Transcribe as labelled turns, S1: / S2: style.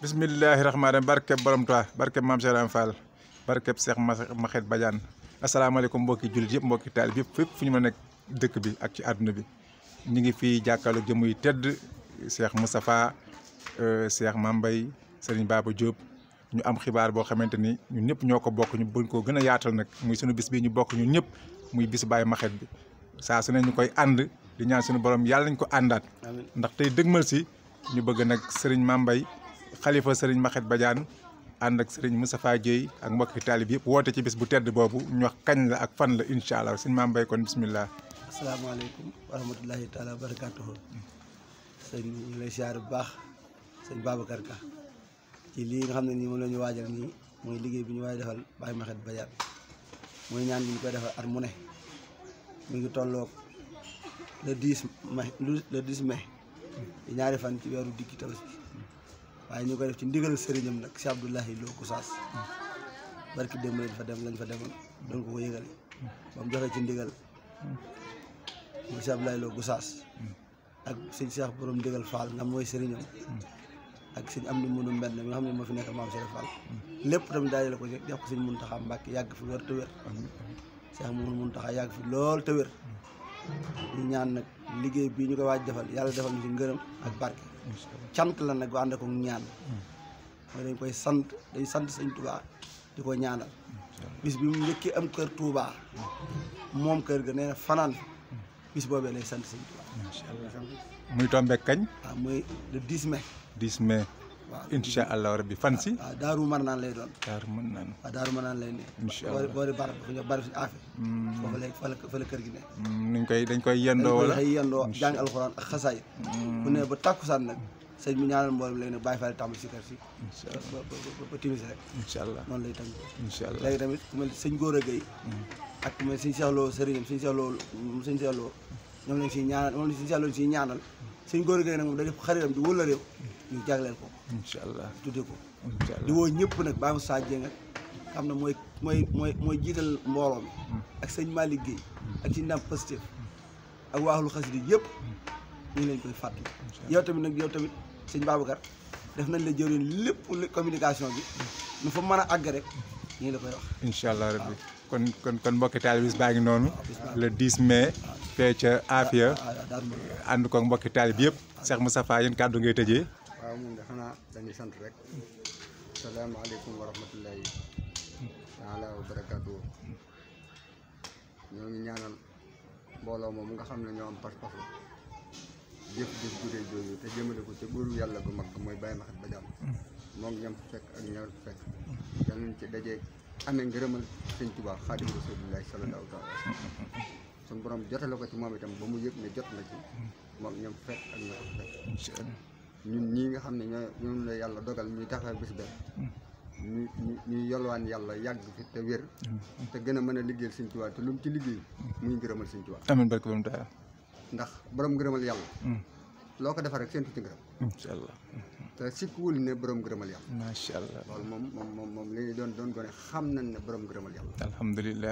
S1: bismillahi rahmaani rahiim barkeb borom Tuubaa barkeb maam Cheikh Ibrahima Fall barkeb Cheikh Maxet Badiane asalaamaaleykum mbokki jullit yëpp mbokki taalib yëpp fépp fu ñu mën nekk dëkk bi ak ci àdduna bi ñu ngi fii jàkkaarloo jëmm yu tedd Cheikh Moustapha euh, Cheikh Mambay Serigne Baba Diop ñu am xibaar boo xamante ni ñun ñëpp ñoo ko bokk ñu buñ ko gën a yaatal nag muy suñu bis bii ñu bokk ñun ñëpp muy bis baay Maxet bi saa su ne ñu koy ànd di ñaan suñu borom yàlla nañ ko àndaat ndax tey dëgmal si ñu bëgg nag Serigne Mambay khalifa serigne Maxet Badiane and ak sëriñ Moustapha djey ak mbokki talib yëpp wote ci bis bu tedd bobu ñu wax kagn la ak fan la inshallah serigne mam bay kon bismillah
S2: assalamu alaykum wa rahmatullahi taala wa barakaatuhu. sëñ ñu lay siyaar bu baax serigne Babacar Ka ci li nga xamne ni mo lañu la ni moy liggey bi ñu way defal Baye Maxet Badiane moy ñaan ñu koy defal at mu ne mu ngi tollok le 10 mai le 10 mai ñaari fan ci weeru diggi tabaski waye ñu koy def ci ndigal sëriñam nak ci Abdoulahi Lo Kusaas barki dem lañ fa dem lañ fa demoon doon ko ko yëgale ba mu ci ndigal mo ci Abdoulahi Lo Kusaas ak seigne Cheikh borom ndigal Fall nga moy sëriñam ak seigne amdu munu mbenn nga xam mo fi nekk maam Cheikh Fall lépp tamit daajale ko jox ko sëñ Muntaxa Mbàkke yàgg fi wër te wër Cheikh Mouhamadou Muntaxa yàgg fi lool te wër ñaan nak liggéey bi ñu ko waaj defal yalla defal ñu ci ngeerum ak barke cant la nag ànd ak ñaan mooy dañ koy sant dañ sant sëñ Touba di ko ñaanal bis bi mu njëkkee am kër Touba moom kër ga nee fanaan bis boobee lay sant sëñ Touba
S1: muy tombe kañ waaw ah, muy le 10 mais 10 mai waaw incha allah bi fan si. Ah,
S2: daaru mën naan lay doon. daaru mën naan waaw ah, daaru mën naan lay ne. incha allah boo boo bar bu ñu bar suñu affaire.
S1: Hmm. foofu lay fa la kër gi ne. Hmm, nuñ koy dañ koy yendoo wala dañ koy yendoo jàng
S2: alxuraan ak xasaay. bu hmm. ne ba takkusaan nag. sëñ bi ñaanal mboolem léegi nag bàyyi faa la tàmbali si kër si. allah ba ba ba ba timis rek. incha allah noonu lay tàmbali. incha allah léegi tamit ku mel ni sëñ Gora Gueye. ak ku mel ni sëñ Cheikh Lo sëriñam sëñ Cheikh Lo sëñ Cheikh ñoom lañ siy ñaanal moom lañ siy Cheikh Lo ñaanal sëñ Gora Gueye nag ko. incha allah tudde ko di woo ñëpp nag Baye Moussa Dieng ak xam ne mooy mooy mooy mooy jiital mbooloo mi hmm. ak sëñ Malick Guèye hmm. ak ci ndam Pastef ak waaxlu xasidi yëpp
S1: hmm. ñu ngi leen koy fàttali yow
S2: tamit nag yow tamit sëñ Babacar def nañ la jëriñ lépp communication bi nu fa mën a àgg rek ñu ngi la koy wax
S1: incha allah rabbi kon kon kon mbokki taalibe bis baa ngi noonu le 10 mai fee ca Afia ànd ko mbokki taalibe bi yëpp Cheikh Moustapha yéen kàddu ngay tëjee
S3: waaw moom de xanaa ñaanal mbooloo moom nga xam ñoo am pas-pasu jëf jëf gudee jooju te jëmale ko ci buuru yàlla gu mag mooy bàyyi ma xat ba jàmm ñam fekk ak ñam fekk yàlla nañ ci dajee amee ngërëmal sëñ Tuubaa xaadimu rasulillahi sallallahu borom ci itam ba mu yëg jot na ci ñam fekk ak fekk ñun ñi nga xam ne ñoo ñoom la yàlla dogal ñuy taxaw bis ba ñu ñu ñu yolwaan yàlla yàgg fi te wér te gën a mën a liggéeyal Sëñ Tuubaa te lu mu ci liggéey muy ngërëmal Sëñ Tuubaa
S1: amiin barke borom daara
S3: ndax borom ngërëmal yàlla mm. loo ko defar rek seentu ci ngërëm incha allah te sikkuwul ne borom ngërëmal yàlla macha allah loolu moom moom moom moom li ñu doon doon gone xam nañ ne borom ngërëmal yàlla
S2: alhamdulilah